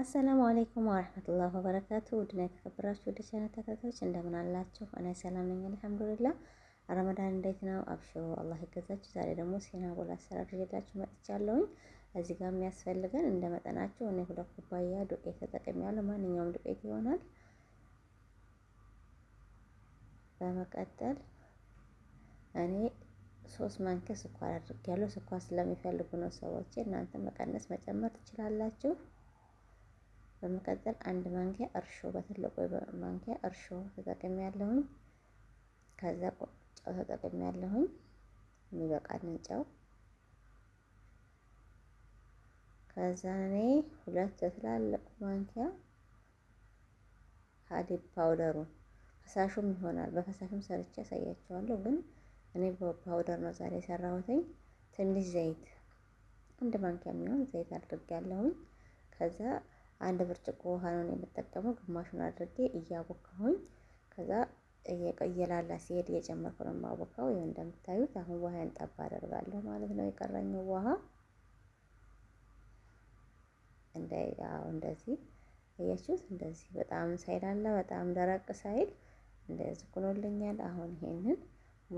አሰላሙ አለይኩም ወረህመቱላህ ወበረካቱ። ውድና የተከበራችሁ ወደ ቻናል ተከታዮች እንደምን አላችሁ? እኔ ሰላም ነኝ አልሐምዱሊላህ። ረመዳን እንዴት ነው? አብሽሮ አላህ ይገዛችሁ። ዛሬ ደግሞ ሴናጎል አሰራር ይዤላችሁ መጥቻለሁኝ። እዚህ ጋር የሚያስፈልገን እንደ መጠናችሁ እኔ ሁለት ኩባያ ዱቄት ተጠቅሜያለሁ። ማንኛውም ዱቄት ይሆናል። በመቀጠል እኔ ሶስት ማንኪያ ስኳር አድርጌያለሁ። ስኳር ስለሚፈልጉ ነው ሰዎች፣ እናንተ መቀነስ መጨመር ትችላላችሁ። በመቀጠል አንድ ማንኪያ እርሾ በትልቁ ማንኪያ እርሾ ተጠቅሜ ያለሁኝ። ከዛ ጨው ተጠቅሜ ያለሁኝ የሚበቃንን ጨው። ከዛ እኔ ሁለት ትላልቅ ማንኪያ ሀሊብ ፓውደሩ ፈሳሹም ይሆናል። በፈሳሹም ሰርቼ ያሳያቸዋለሁ፣ ግን እኔ በፓውደር ነው ዛሬ የሰራሁትኝ። ትንሽ ዘይት አንድ ማንኪያ የሚሆን ዘይት አድርጌ ያለሁኝ ከዛ አንድ ብርጭቆ ውሃ ነው የምጠቀመው። ግማሹን አድርጌ እያቦካሁኝ ከዛ እየላላ ሲሄድ እየጨመርኩ ነው የማቦካው። ይኸው እንደምታዩት አሁን ውሃ እንጠባ አደርጋለሁ ማለት ነው። የቀረኝው ውሃ እንደው እንደዚህ እያችሁት፣ እንደዚህ በጣም ሳይላላ በጣም ደረቅ ሳይል እንደዚህ ኩኖልኛል። አሁን ይሄንን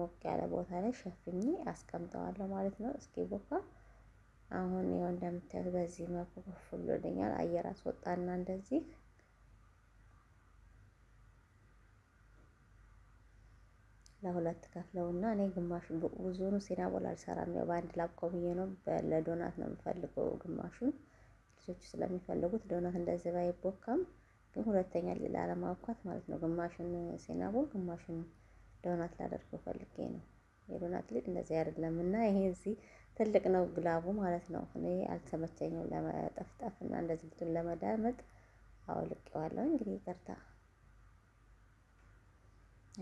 ሞቅ ያለ ቦታ ላይ ሸፍኜ አስቀምጠዋለሁ ማለት ነው እስኪ ቦካ አሁን ይኸው እንደምታዩት በዚህ መልኩ ከፍ ብሎልኛል። አየር አስወጣና እንደዚህ ለሁለት ከፍለውና እኔ ግማሽ ብዙውን ሲናቦል አልሰራም። ያው በአንድ ላብ ቆብዬ ነው ለዶናት ነው የምፈልገው። ግማሹን ልጆቹ ስለሚፈልጉት ዶናት እንደዚህ ባይቦካም ግን ሁለተኛ ሌላ ለማብኳት ማለት ነው። ግማሹን ሲናቦል ግማሹን ዶናት ላደርገው ፈልጌ ነው። የዶናት ልጅ እንደዚህ አይደለም እና ይሄ እዚህ ትልቅ ነው ግላቡ ማለት ነው። እኔ አልተመቸኝም ለመጠፍጠፍ እና እንደዚህ ልቱን ለመዳመጥ አውልቄዋለሁ። እንግዲህ ይቅርታ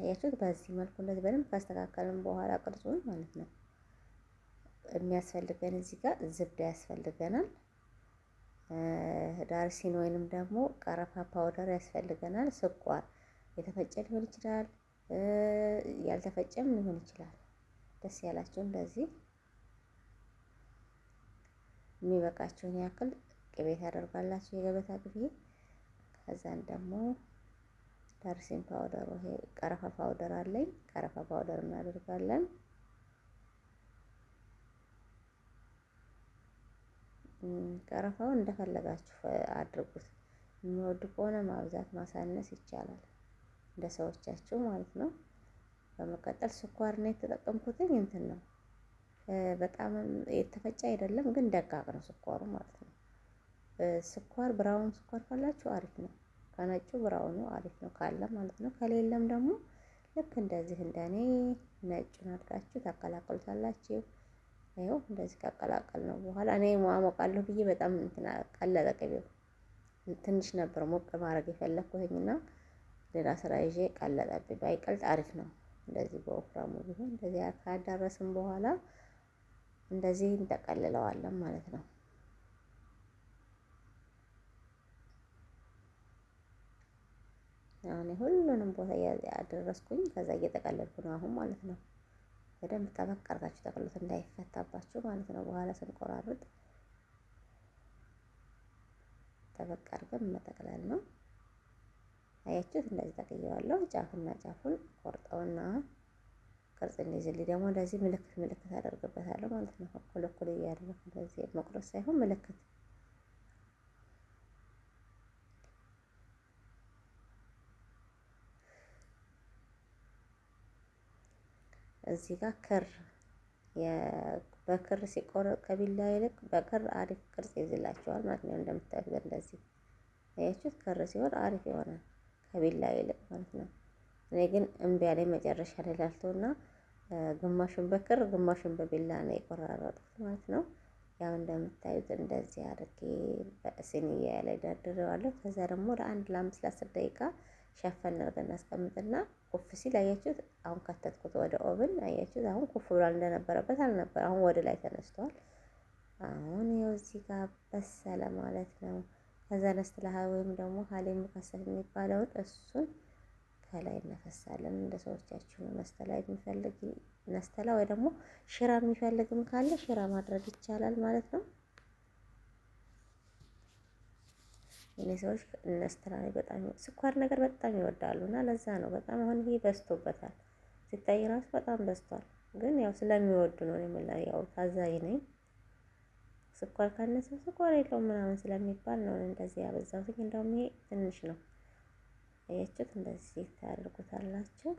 አያችሁት። በዚህ መልኩ እንደዚህ በደንብ ካስተካከልን በኋላ ቅርጹን ማለት ነው የሚያስፈልገን እዚህ ጋር ዝብዳ ያስፈልገናል። ዳርሲን ወይንም ደግሞ ቀረፋ ፓውደር ያስፈልገናል። ስኳር የተፈጨ ሊሆን ይችላል፣ ያልተፈጨም ሊሆን ይችላል። ደስ ያላችሁ እንደዚህ የሚበቃቸውን ያክል ቅቤ ታደርጋላችሁ፣ የገበታ ቅቤ። ከዛን ደግሞ ዳርሲን ፓውደር፣ ይሄ ቀረፋ ፓውደር አለኝ፣ ቀረፋ ፓውደር እናደርጋለን። ቀረፋውን እንደፈለጋችሁ አድርጉት። የሚወዱ ከሆነ ማብዛት ማሳነስ ይቻላል፣ እንደ ሰዎቻችሁ ማለት ነው። በመቀጠል ስኳር ነው የተጠቀምኩትኝ እንትን ነው በጣም የተፈጨ አይደለም፣ ግን ደቃቅ ነው ስኳሩ ማለት ነው። ስኳር ብራውን ስኳር ካላችሁ አሪፍ ነው። ከነጩ ብራውኑ አሪፍ ነው ካለ ማለት ነው። ከሌለም ደግሞ ልክ እንደዚህ እንደኔ ነጩን አድርጋችሁ ታቀላቅሉታላችሁ። ይኸው እንደዚህ ካቀላቀል ነው በኋላ እኔ ማሞቃለሁ ብዬ በጣም እንትን ቀለጠ ቅቤው ትንሽ ነበር ሞቅ ማድረግ የፈለግኩትኝና ሌላ ስራ ይዤ ቀለጠብኝ። ባይቀልጥ አሪፍ ነው። እንደዚህ በወፍራሙ ቢሆን እንደዚህ ካዳረስም በኋላ እንደዚህ እንጠቀልለዋለን ማለት ነው። አሁን ሁሉንም ቦታ ያደረስኩኝ ከዛ እየጠቀለልኩ ነው አሁን ማለት ነው። በደንብ ጠበቅ አድርጋችሁ ጠቅሉት እንዳይፈታባችሁ ማለት ነው። በኋላ ስንቆራርጥ ጠበቅ አድርገን መጠቅለል ነው። አያችሁት? እንደዚህ ጠቅየዋለሁ። ጫፉና ጫፉን ቆርጠውና ቅርጽ እንዲይዝልኝ ደግሞ እንደዚህ ምልክት ምልክት አደርግበታለሁ ማለት ነው። እኩል እኩል እያደረኩ እንደዚህ መቁረጥ ሳይሆን ምልክት እዚህ ጋር ክር በክር ሲቆረጥ ከቢላ ይልቅ በክር አሪፍ ቅርጽ ይዝላቸዋል ማለት ነው። እንደምታዩት በእንደዚህ ያችሁት ክር ሲሆን አሪፍ ይሆናል ከቢላ ይልቅ ማለት ነው። እኔ ግን እምቢ ያለ መጨረሻ ላይ ላልተውና ግማሹን በክር ግማሹን በቢላ ነው የቆራረጥኩት ማለት ነው። ያው እንደምታዩት እንደዚህ አድርጌ በሲኒያ ላይ ደርድሬዋለሁ። ከዛ ደግሞ ለአንድ ለአምስት ለአስር ደቂቃ ሸፈን አድርገን እናስቀምጥና ኩፍ ሲል አያችሁት። አሁን ከተትኩት ወደ ኦብን አያችሁት። አሁን ኩፍ ብሏል። እንደነበረበት አልነበር። አሁን ወደ ላይ ተነስተዋል። አሁን ይኸው እዚህ ጋር በሰለ ማለት ነው። ከዛ ነስትላሃ ወይም ደግሞ ሀሌ ሙከሰል የሚባለውን እሱን ከላይ እናፈሳለን። እንደ ሰዎቻችሁ መስተላይ የሚፈልግ መስተላ ወይ ደግሞ ሽራ የሚፈልግም ካለ ሽራ ማድረግ ይቻላል ማለት ነው። እኔ ሰዎች እነስተላ በጣም ስኳር ነገር በጣም ይወዳሉ እና ለዛ ነው በጣም አሁን ይሄ በዝቶበታል። ሲታይ ራሱ በጣም በዝቷል፣ ግን ያው ስለሚወዱ ነው። እኔም ያው ታዛዥ ነኝ። ስኳር ካነሰ ስኳር የለውም ምናምን ስለሚባል ነው እንደዚህ ያበዛሁት። እንደውም ይሄ ትንሽ ነው። አያችሁት? እንደዚህ ታደርጉታላችሁ።